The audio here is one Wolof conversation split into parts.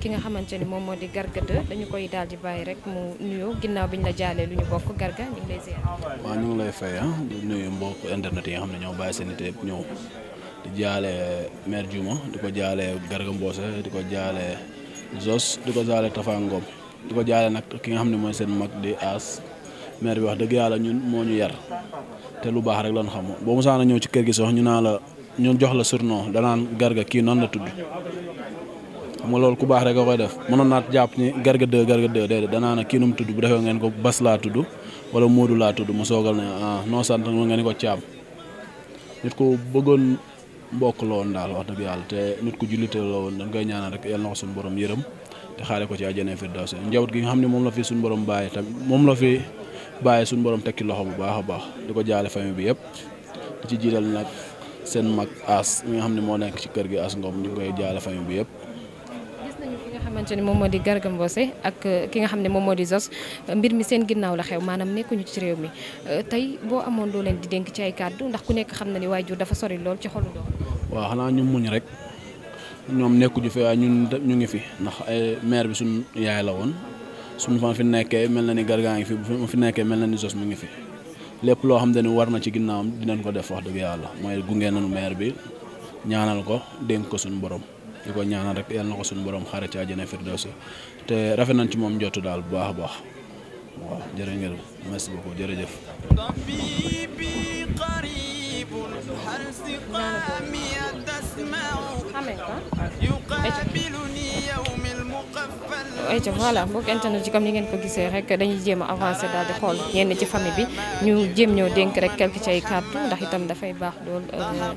ki nga xamante ni moom moo di Garga dañu koy daal di bàyyi rek mu nuyoo ginnaaw bi ñu la jaalee lu ñu bokk Garga ñu ngi lay ziar. ñu ngi lay fay ah nuyu mbokk internet yi nga xam ne ñoo bàyyi seen i yëpp ñëw di jaale mère Diouma di ko jaale Garga Mbossé di ko jaale Zos di ko jaale Tafa di ko jaale nag ki nga xam ne mooy seen mag di aas mère bi wax dëgg yàlla ñun moo ñu yar te lu baax rek lañ xam boo musaana ñëw ci kër gi sox ñu naa la ñu jox la surnom danaan Garga kii noonu la tudd. xam loolu ku baax rek a koy def mënoon naa jàpp ni garga deux garga danaa ne kii nu mu tudd bu defee ngeen ko bas laa tudd wala Modou laa tudd mu soogal ne ah non sant ma ngeen ko bëggoon mbokk la woon daal wax dëgg yàlla te nit ku jullite la woon dañ koy ñaanal rek yal na ko suñu borom yërëm te xaare ko ci àjjana firdawsi njaboot gi nga xam ne moom la fi suñu borom bàyyi tamit moom la fi bàyyi suñu borom tekki loxo bu baax a baax di ko jaale famille bi yëpp di ci jiital nag seen mag as mi nga xam ne moo nekk ci kër gi as ngoom ñu ngi koy jaale famille bi yëpp xamante ni moom moo di Garga Mbossé ak euh, ki nga xam ne moom moo di Zos mbir mi seen ginnaaw la xew maanaam nekkuñu ci réew mi euh, tey boo amoon doo leen di dénk ci ay kàddu ndax ku nekk xam na ni jur dafa sori lool ci xolu waa waaw xanaa ñu muñ rek ñoom nekkuñu fi waaye ñun ñu ngi fi ndax ay maire bi suñu yaay la woon suñu fan fi nekkee mel na ni Garga ngi fi bu fi nekkee mel na ni Zos mu ngi fi lépp loo xam ne war na ci ginnaawam dinañ ko def wax dëgg yàlla mooy gunge nañu maire bi ñaanal ko dénk ko suñu borom. di ko ñaanal rek yàlla na ko suñu borom xaare ci àjjana firdawsi te rafet nañ ci moom njottu daal bu baax a baax waaw jërë ngeen merci beaucoup jërëjëf حميدة يقابلني يوم المقفل ayca voilà mbokk internet ci comme ni ngeen ko gisee rek dañuy jéem a avancé daal di xool ñenn ci famille bi ñu jéem ñoo dénk rek quelque ci ay kàddu ndax itam dafay baax lool euh,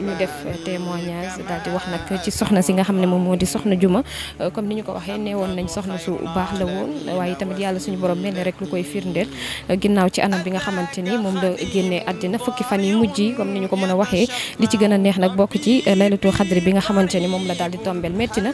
ñu def témoignage daal di wax nag ci soxna si nga xam ne moom moo di soxna Juma euh, comme ni ñu ko waxee nee woon nañ soxna su baax la woon waaye tamit yàlla suñu borom mel ni rek lu koy firndeel euh, ginnaaw ci anam bi nga xamante ni moom la génnee àddina fukki fan yi mujj yi comme ni ñu ko mën a waxee li ci gën a neex nag bokk ci laylatul xadri bi nga xamante ni moom la daal di métti na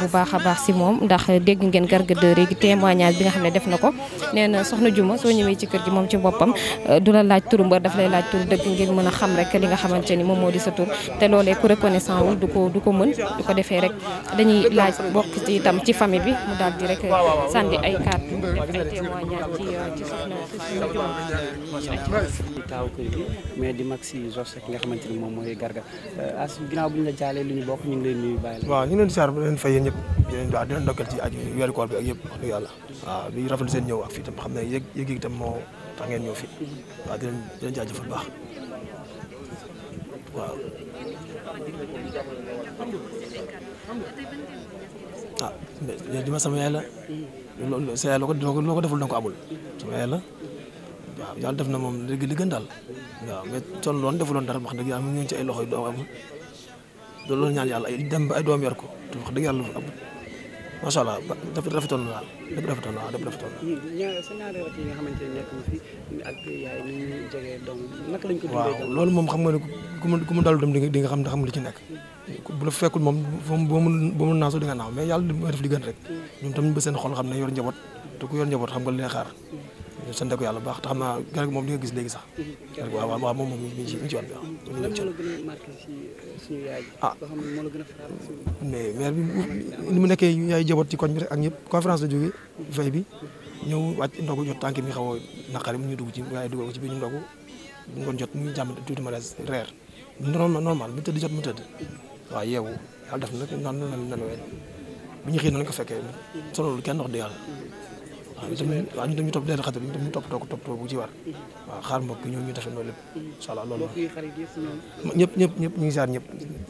bu baax a baax si moom ndax dégg ngeen Garga 2 léegi témoignage bi nga xam ne def na ko nee na soxna Juma soo ñëwee ci kër gi moom ci boppam euh, du la laaj turu mbër daf lay laaj turu dëgg ngir mën a xam rek li nga xamante ni moom di sa tur te loolee ku bi mu daal di rek sànni ay kàddu def ay témoignage ci euh, ci soxna di mag si Jos rek nga xamante ni moom mooy Garga euh, as ginnaaw bu ñu la jaalee lu ñu bokk ñu ngi lay nuyu bàyyi la bëggee ñëpp di leen waaw di leen ndokkeel ci aju weeru koor bi ak yëpp wax dëgg yàlla waaw di rafetlu seen ñëw ak fii tam xam ne yëg yëg yi tam moo tax ngeen ñëw fii waaw di leen di leen jaajëfal baax waaw ah di ma sama yaay la loolu sa yaay loo ko loo ko deful da nga ko amul sama yaay la waaw yàlla def na moom léegi li gën daal waaw mais son loon defuloon dara wax dëgg yàlla mu ngi ci ay loxo yu doo amul loolu la ñaan yàlla ay dem ba ay doom yor ko te wax dëgg yàlla macha allah dafa rafetoon na daal lépp rafetoon na waaw lépp rafetoon na. xamante ne nekk na fi ak loolu moom xam nga ne ku mu ku mu dalu dem di nga xam ne xam li ci nekk. bu la fekkul moom moom boo mun boo mun naasoo di naaw mais yàlla mooy def li gën rek. Mm. ñoom tam ba seen xol xam ne yor njaboot te ku yor njaboot xam nga li xaar. sant yàlla bu baax te xam naa garab moom di gis léegi sax. waaw waaw waaw moom moom mi ngi mi a marqué ci suñu yaay. ah, ah. mu nekkee yaay jaboot ci koñ bi rek ak ñëpp conférence la jógee. veille bi ñëw wàcc ndogu jot tànk mi xaw a naqari mu ñu dugg ci waaye dugal ko ci biir ñu ndogu bu ngoon jot mu jàmm tuuti ma des reer normal normal mu tëdd jot mu tëdd waaw yeewu yàlla def na nag naan na la bi ñu xëy noonu ko fekkee sonalul kenn wax dëgg yàlla waaw ñu tam waaw ñu tam ñu topp deen xatar ñu tam ñu topp toog topp toog bu ci war waaw xaar mbokk ñoo ñu defal loolu lépp incha allah loolu ñëpp ñëpp ñëpp ñu ngi saar ñëpp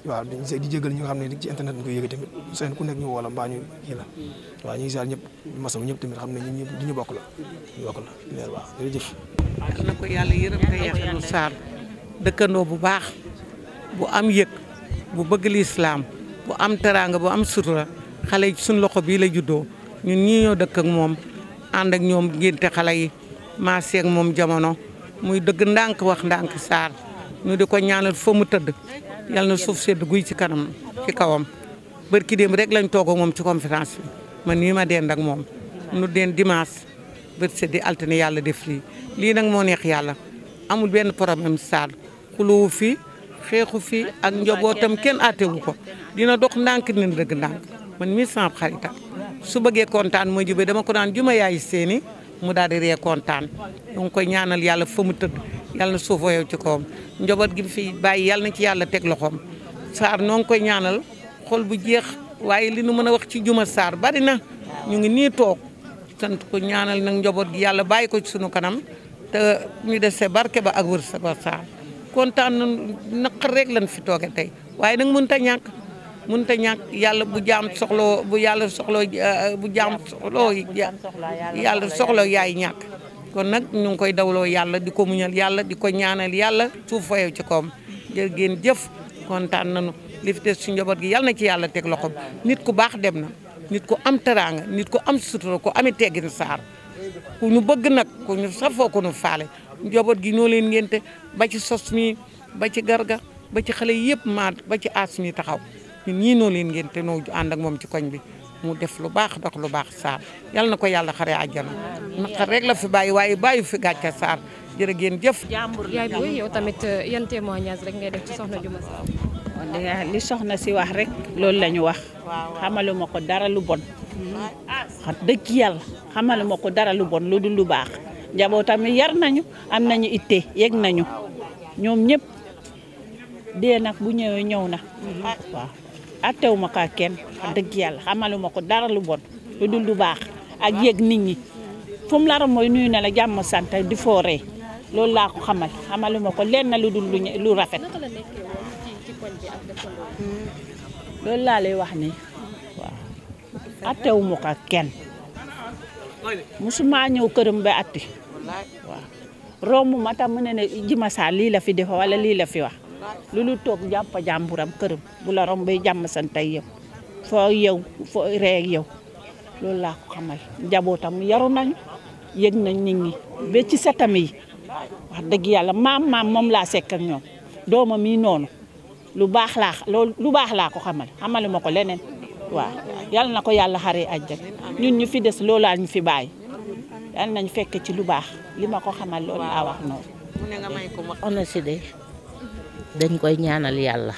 waaw dañ di jégal ñi nga xam ne ci internet ñu koy yëge tamit seen ku nekk ñu wala mbaa ñu kii la ñu bokk la ñu bokk la leer waaw jërëjëf na ko yàlla yërëm te saar dëkkandoo bu baax bu am yëg bu bëgg lislaam bu am teraanga bu am sutura xale suñ loxo bii la juddoo ñun ñii ñoo dëkk moom ànd ak ñoom ngénte xale yi maa seeg moom jamono muy dëgg ndànk wax ndànk saar ñu di ko ñaanal fa mu tëdd yal na suuf sedd guy ci kanam ci kawam bërki démb rek lañ toog moom ci conférence bi man nii ma dend ak moom nu deen dimanche bët sedd altine yàlla def lii lii nag moo neex yàlla amul benn problème saar xuluwu fi xeexu fi ak njabootam kenn àttewu ko dina dox ndànk nen dëgg ndànk man mii sama xaritam su bëggee kontaan ma jube dama ko naan juma yaay seeni mu daal di kontaan ñu ngi koy ñaanal yàlla fa mu tëdd yàlla na suuf woyow ci kawam njaboot gi mu fi bàyyi yàlla na ci yàlla teg loxoom Sarr nong koy ñaanal xol bu jeex waaye li nu mën a wax ci juma saar bari na ñu ngi nii toog sant ko ñaanal nag njaboot gi yàlla bàyyi ko ci sunu kanam te ñu se barke ba ak wërsëg ba Sarr kontaan na naq rek lañ fi tooge tey waaye nag mënut a ñàkk mënut a ñàkk yàlla bu jaam soxloo bu yàlla soxloo eh, bu jaam soxloo yàlla soxloo yaay ñàkk kon nag ñu ngi koy dawloo yàlla di ko muñal yàlla di ko ñaanal yàlla suuf foyew ci koom jër géen jëf kontaan nañu lifte fi su njaboot gi yàlla na ci yàlla teg loxoom nit ku baax dem na nit ku am teraanga nit ku am sutura ko amee teggin saar ku ñu bëgg nag ku ñu safoo ku ñu faale njaboot gi ñoo leen ngénte ba ci sos mi ba ci garga ba ci xale yëpp maat ba ci aas taxaw ñun ñii leen ngeen te noo ànd ak moom ci koñ bi mu def lu baax dox lu baax Sarr yal na ko yàlla xaree àjjana naqar rek la fi bàyyi waaye bàyyi fi gàcce Sarr jërë ngeen jëf. jàmbur yow tamit euh, yan témoignage rek ngay def ci soxna Juma Sarr. li soxna si wax rek loolu lañu wax wax. ma ko dara lu bon. Mm-hmm. Ah, ah. wax dëgg yàlla ma ko dara lu bon lu dul lu baax. njabootam yar nañu am nañu itte yegg nañu ñoom ñëpp dee nag bu ñëwee ñëw na mm-hmm. attewu ma ko ak kenn wax dëgg yàlla xamaluma ko dara lu bon lu dul lu baax ak yëg nit ñi fu mu lara mooy nuyu na la jàmm sant di fooree loolu laa ko xamal xamaluma ko lenn lu dul lu rafet hmm, loolu laa lay wax ni waaw attewu ma ko ak kenn musuma ñëw këram ba atti waaw romb ma tam mu ne ne jima saa lii la fi defa wala lii la fi wax lu lu toog jàpp jàmburam këram bu la rombee jàmm sant ak yow foo yow reeg yow loolu laa ko xamal njabootam yaru nañ yëg nañ nit ñi ba ci setam yi wax dëgg yàlla maam maam moom laa sekk ak ñoom doomam yi noonu lu baax laa loolu lu baax laa ko xamal xamali ma ko leneen waaw yal na ko yàlla xaree àjjana ñun ñu fi des loolaa ñu fi bàyyi yal nañ fekk ci lu baax li ma ko xamal loolu laa wax noonu. dañ koy ñaanal yàlla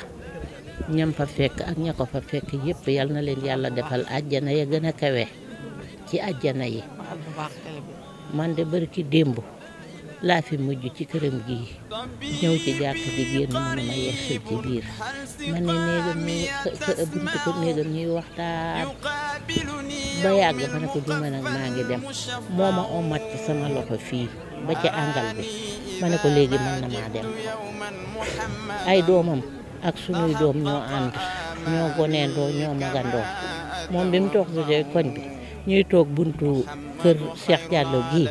ñam fa fekk ak ña ko fa fekk yëpp yal na leen yàlla defal àjjana ya gën a kawe ci àjjana yi man de bari ki démb laa fi mujj ci këram gi ñëw ci jàkk ji génn mënu ma yegsul ci biir ma ne néegam ñuy buntu ko néegam ñuy waxtaan ba yàgg ma ne ko du ma nag maa ngi dem moo ma omat ci sama loxo fii ba ci àngal bi ma ne ko léegi mën na dem ay doomam ak suñuy doom ñoo ànd ñoo goneendoo ñoo magandoo moom bi mu toog si koñ bi ñuy toog buntu kër Cheikh Diallo gi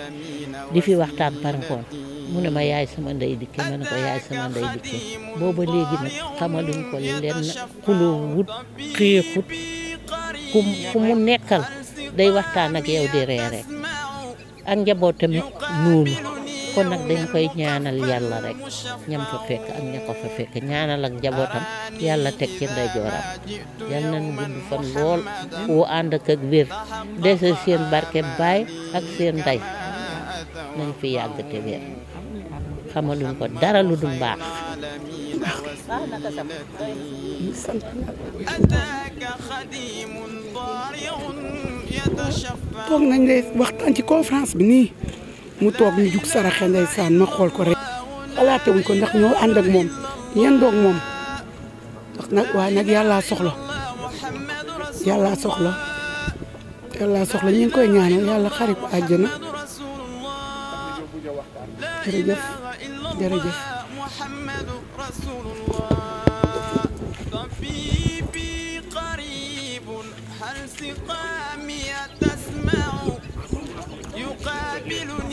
di fi waxtaan parankoon mu ne ma yaay sama ndey dikki ma ko yaay sama ndey dikki booba léegi nag xamaluñ ko lenn xuloo wut xiixut ku ku nekkal day waxtaan ak yow di reere ak njabootam noonu kon nag dañ koy ñaanal yàlla rekk ñam fa fekk ak ña ko fa fekk ñaanal ak njabootam yàlla teg ci ndeyjooram yal nañ gudd fan lool wu ànd ak ak wér dese seen barke baay ak seen ndey nañ fi yàgg te wér xamaluñ ko dara lu du mbaax toog nañ lay waxtaan ci conférence bi nii mu toog ñu jug saraxe ndeysaan ma xool ko rek xalaate wuñ ko ndax ñoo ànd ak moom yan doog moom ndax nag waaye nag yàllaa soxla yàllaa soxla yàllaa soxla ñu ngi koy ñaanal yàlla xarit ko àjjana jërëjëf jërëjëf هل